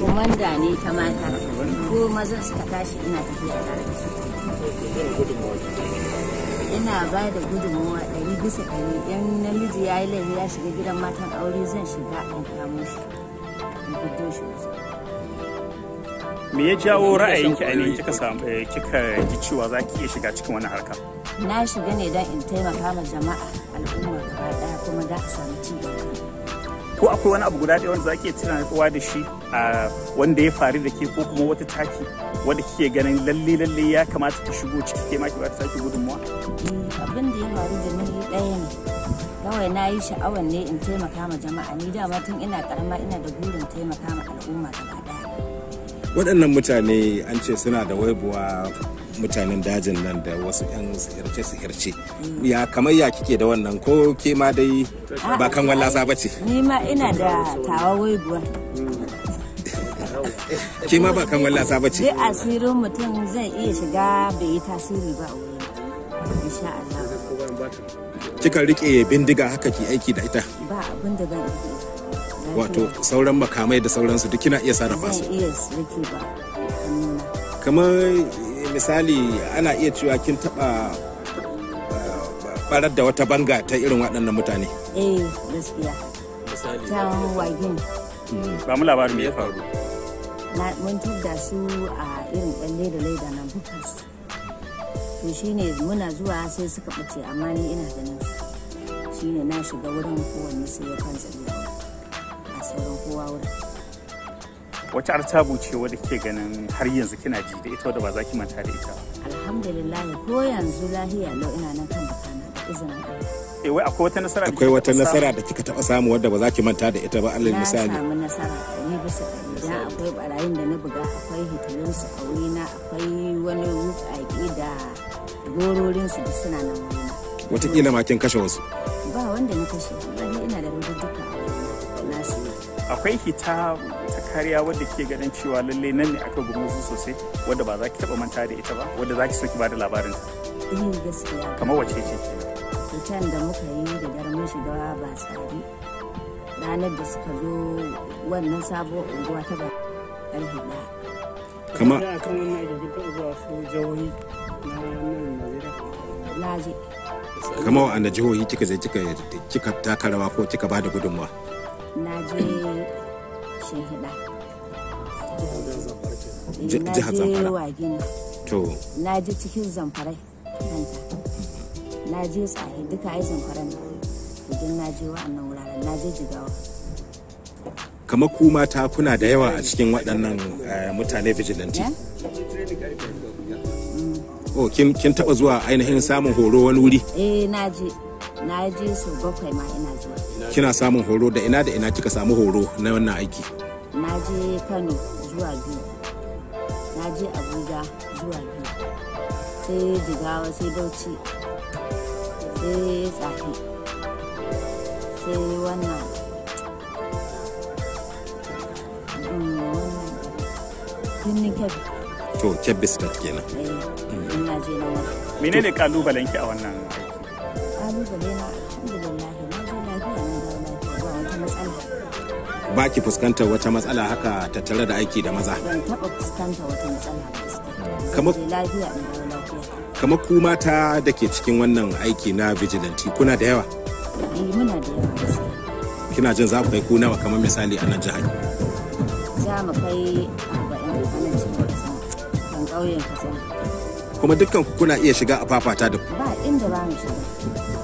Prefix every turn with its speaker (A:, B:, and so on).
A: komanda ne ta mata ko
B: mazan suka tashi ina
A: tafiya tare da su
B: ina ba da gudunmawa ɗari bisa ɗari 'yan namiji ya yi laifi ya shiga gidan matan aure zan shiga in kamo shi in fito shi
A: me ya jawo ra'ayinki ainihin kika samu eh, kika ji cewa za ki iya shiga cikin wani harka
B: na shiga ne don in taimaka ma jama'a al'umma gaba ɗaya kuma za a samu ci gaba
A: ko akwai wani abu guda ɗaya wanda zaki tuna kowa da shi a wanda ya faru da ke ko kuma wata taki wanda kike ganin lalle lalle ya kamata ka shigo ciki ke ma ki ba ta taki gudunmuwa mm,
B: abin da ya faru da ni ɗaya ne kawai na yi sha'awar ne in taimaka ma jama'a ni dama tun ina karama ina da burin taimaka ma al'umma gaba
C: waɗannan mutane an ce suna da waibuwa mutanen dajin nan da wasu 'yan sihirce-sihirce ya kamar ya kike da wannan ko ke ma dai ba kan wallasa ba ce
B: ni ma ina da tawa waibuwa
C: ke ma ba kan wallasa ba ce dai
B: asirin mutum zai iya shiga bai yi tasiri ba a wurin
C: kika rike bindiga haka ki aiki da ita
B: ba abin da ban
C: wato sauran makamai da sauransu duk kina iya sarrafa su kamar eh, misali ana iya cewa kin taba barar eh, da wata banga ta irin waɗannan mutane
B: eh gaskiya ta wagin
C: hmm. ba mu labarin ya faru
B: mun da su a irin ɗan da laida na bukas to shine muna zuwa sai suka ɓace amma ni ina ganin su shine na shiga wurin kowanne sai ya kan tsaye sauran kowa wurin
A: wace artabu ce wadda ke ganin har yanzu kina ji da ita wadda ba za ki manta da ita
B: alhamdulillah ko yanzu lahiya lau ina nan kan bakana da izinin Allah
C: eh, wai akwai wata nasara akwai wata nasara da kika taba samu wadda ba za ki manta da ita ba Allah misali na
B: samu nasara ɗari bisa ɗari akwai barayin da na buga akwai hitilin su a wurina akwai wani wuƙaƙi da gororin su da suna nan wurina
C: watakila ma kin kashe wasu
B: ba wanda na kashe amma ina da rubutu
A: akwai hita ta kariya wadda ke ganin cewa lalle nan ne aka gumurzu sosai wadda ba za ki taba manta da ita ba wadda za ki so ki da labarin ta
B: eh gaskiya kamar wace ce hitan da muka yi da garmin shiga ba tsari ranar da suka zo wannan sabo unguwa ta ba alhida kamar da kan wannan da duka zuwa su jihohi na nan Najeriya na je kamar
C: wa'anda jihohi kika zai kika takarawa ko kika ba da gudunmawa
B: na je shehida
C: jihar zamfara to
B: na je cikin zamfarai na je tsahi duka ai zamfaran to na je wa'annan wuraren na je jigawa
C: kamar ku mata kuna da yawa a cikin waɗannan eh, mutane vigilante eh? oh kin kin taba zuwa ainihin samun horo wani wuri
B: eh na je na je su bakwai ma ina zuwa kina
C: samun horo da ina da ina kika samu horo na wannan aiki
B: na je Kano zuwa biyu na je Abuja zuwa biyu sai Jigawa sai Bauchi sai Tsafi sai wannan mm, birnin Kebbi
C: to ke biscuit kenan
A: menene kalubalen ki a wannan
C: baki fuskantar wata matsala haka tattare da aiki da maza
B: kamar lafiya
C: ku mata da ke cikin wannan aiki na vigilanti kuna da yawa
B: eh,
C: kina jin za ku kai ku nawa kamar misali a nan jihar
B: za mu kai a nan jihar ƙauyen katsina
C: kuma dukkan ku kuna iya shiga a fafata da ku
B: ba inda ba mu shiga